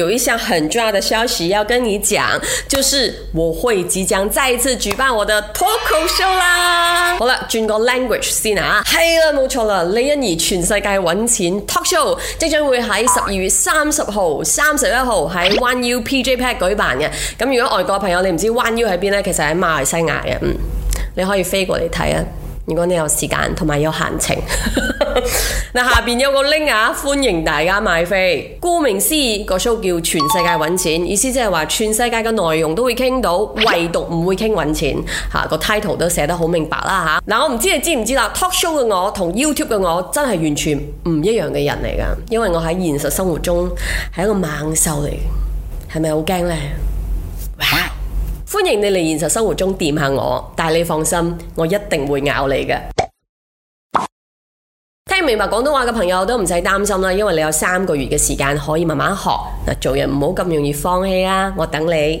有一項很重要的消息要跟你講，就是我會即將再一次舉辦我的脫口秀啦。好 o w i 好 g l e Language 先啊，係啦，冇錯啦，李欣怡，全世界揾錢 Talk Show 即將會喺十二月三十號、三十一號喺 One U PJ p a k 舉辦嘅。咁如果外國朋友你唔知 one 腰喺邊呢？其實喺馬來西亞嘅，嗯，你可以飛過嚟睇啊。如果你有時間同埋有閒情。 嗱， 下邊有個 link 啊，歡迎大家買飛。顧名思義，個 show 叫全世界搵錢，意思即係話，全世界嘅內容都會傾到，唯獨唔會傾搵錢。吓的，啊個 title 都寫得好明白啦吓。嗱、啊啊，我唔知你知唔知啦。Talk show 嘅我同 YouTube 嘅我真係完全唔一樣嘅人嚟噶，因為我喺現實生活中係一個猛獸嚟嘅，係咪好驚呢？哇！歡迎你嚟現實生活中掂下我，但係你放心，我一定會咬你嘅。明白廣東話嘅朋友都唔使擔心啦，因為你有三個月嘅時間可以慢慢學。做人唔好咁容易放棄啊！我等你。